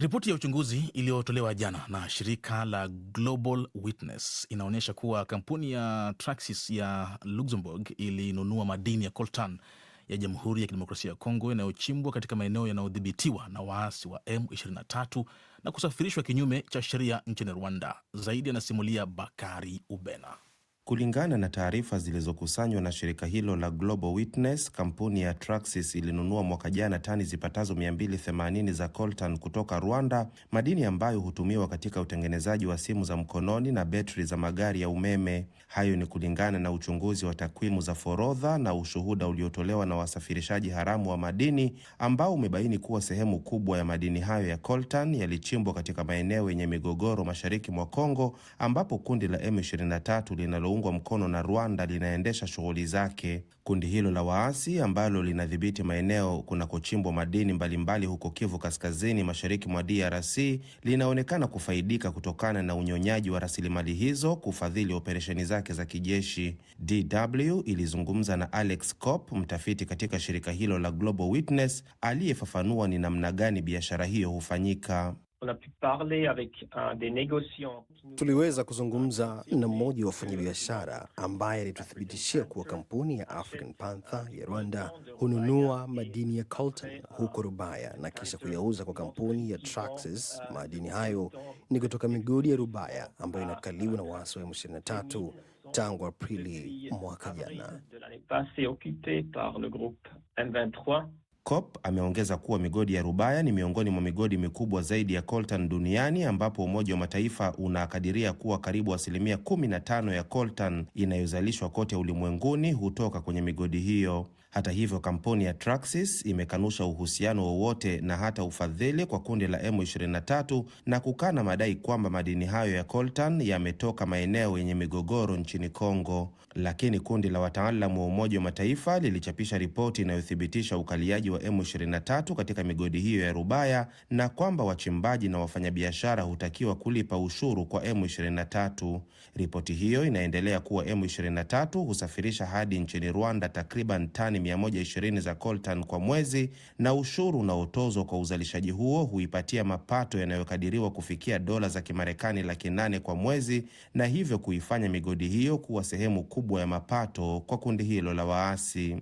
Ripoti ya uchunguzi iliyotolewa jana na shirika la Global Witness inaonyesha kuwa kampuni ya Traxys ya Luxembourg ilinunua madini ya coltan ya Jamhuri ya Kidemokrasia ya Kongo yanayochimbwa katika maeneo yanayodhibitiwa na waasi wa M23 na kusafirishwa kinyume cha sheria nchini Rwanda. Zaidi anasimulia Bakari Ubena. Kulingana na taarifa zilizokusanywa na shirika hilo la Global Witness, kampuni ya Traxys ilinunua mwaka jana tani zipatazo 280 za coltan kutoka Rwanda, madini ambayo hutumiwa katika utengenezaji wa simu za mkononi na betri za magari ya umeme. Hayo ni kulingana na uchunguzi wa takwimu za forodha na ushuhuda uliotolewa na wasafirishaji haramu wa madini ambao umebaini kuwa sehemu kubwa ya madini hayo ya coltan yalichimbwa katika maeneo yenye migogoro mashariki mwa Kongo ambapo kundi la M23 linalo linaloungwa mkono na Rwanda linaendesha shughuli zake. Kundi hilo la waasi ambalo linadhibiti maeneo kunakochimbwa madini mbalimbali huko Kivu Kaskazini, mashariki mwa DRC linaonekana kufaidika kutokana na unyonyaji wa rasilimali hizo kufadhili operesheni zake za kijeshi. DW ilizungumza na Alex Cop, mtafiti katika shirika hilo la Global Witness, aliyefafanua ni namna gani biashara hiyo hufanyika. Tuliweza kuzungumza na mmoja wa wafanyabiashara ambaye alituthibitishia kuwa kampuni ya African Panther ya Rwanda hununua madini ya coltan huko Rubaya na kisha kuyauza kwa kampuni ya Traxys. Euh, madini hayo ni kutoka migodi ya Rubaya ambayo inakaliwa na waasi wa M23 tangu Aprili mwaka jana. COP ameongeza kuwa migodi ya Rubaya ni miongoni mwa migodi mikubwa zaidi ya coltan duniani ambapo Umoja wa Mataifa unakadiria kuwa karibu asilimia 15 ya coltan inayozalishwa kote ulimwenguni hutoka kwenye migodi hiyo. Hata hivyo, kampuni ya Traxys imekanusha uhusiano wowote na hata ufadhili kwa kundi la M23 na kukana madai kwamba madini hayo ya coltan yametoka maeneo yenye migogoro nchini Kongo. Lakini kundi la wataalamu wa Umoja wa Mataifa lilichapisha ripoti inayothibitisha ukaliaji wa M23 katika migodi hiyo ya Rubaya na kwamba wachimbaji na wafanyabiashara hutakiwa kulipa ushuru kwa M23. Ripoti hiyo inaendelea kuwa M23 husafirisha hadi nchini Rwanda takriban tani 120 za coltan kwa mwezi na ushuru unaotozwa kwa uzalishaji huo huipatia mapato yanayokadiriwa kufikia dola za Kimarekani laki nane kwa mwezi na hivyo kuifanya migodi hiyo kuwa sehemu kubwa ya mapato kwa kundi hilo la waasi.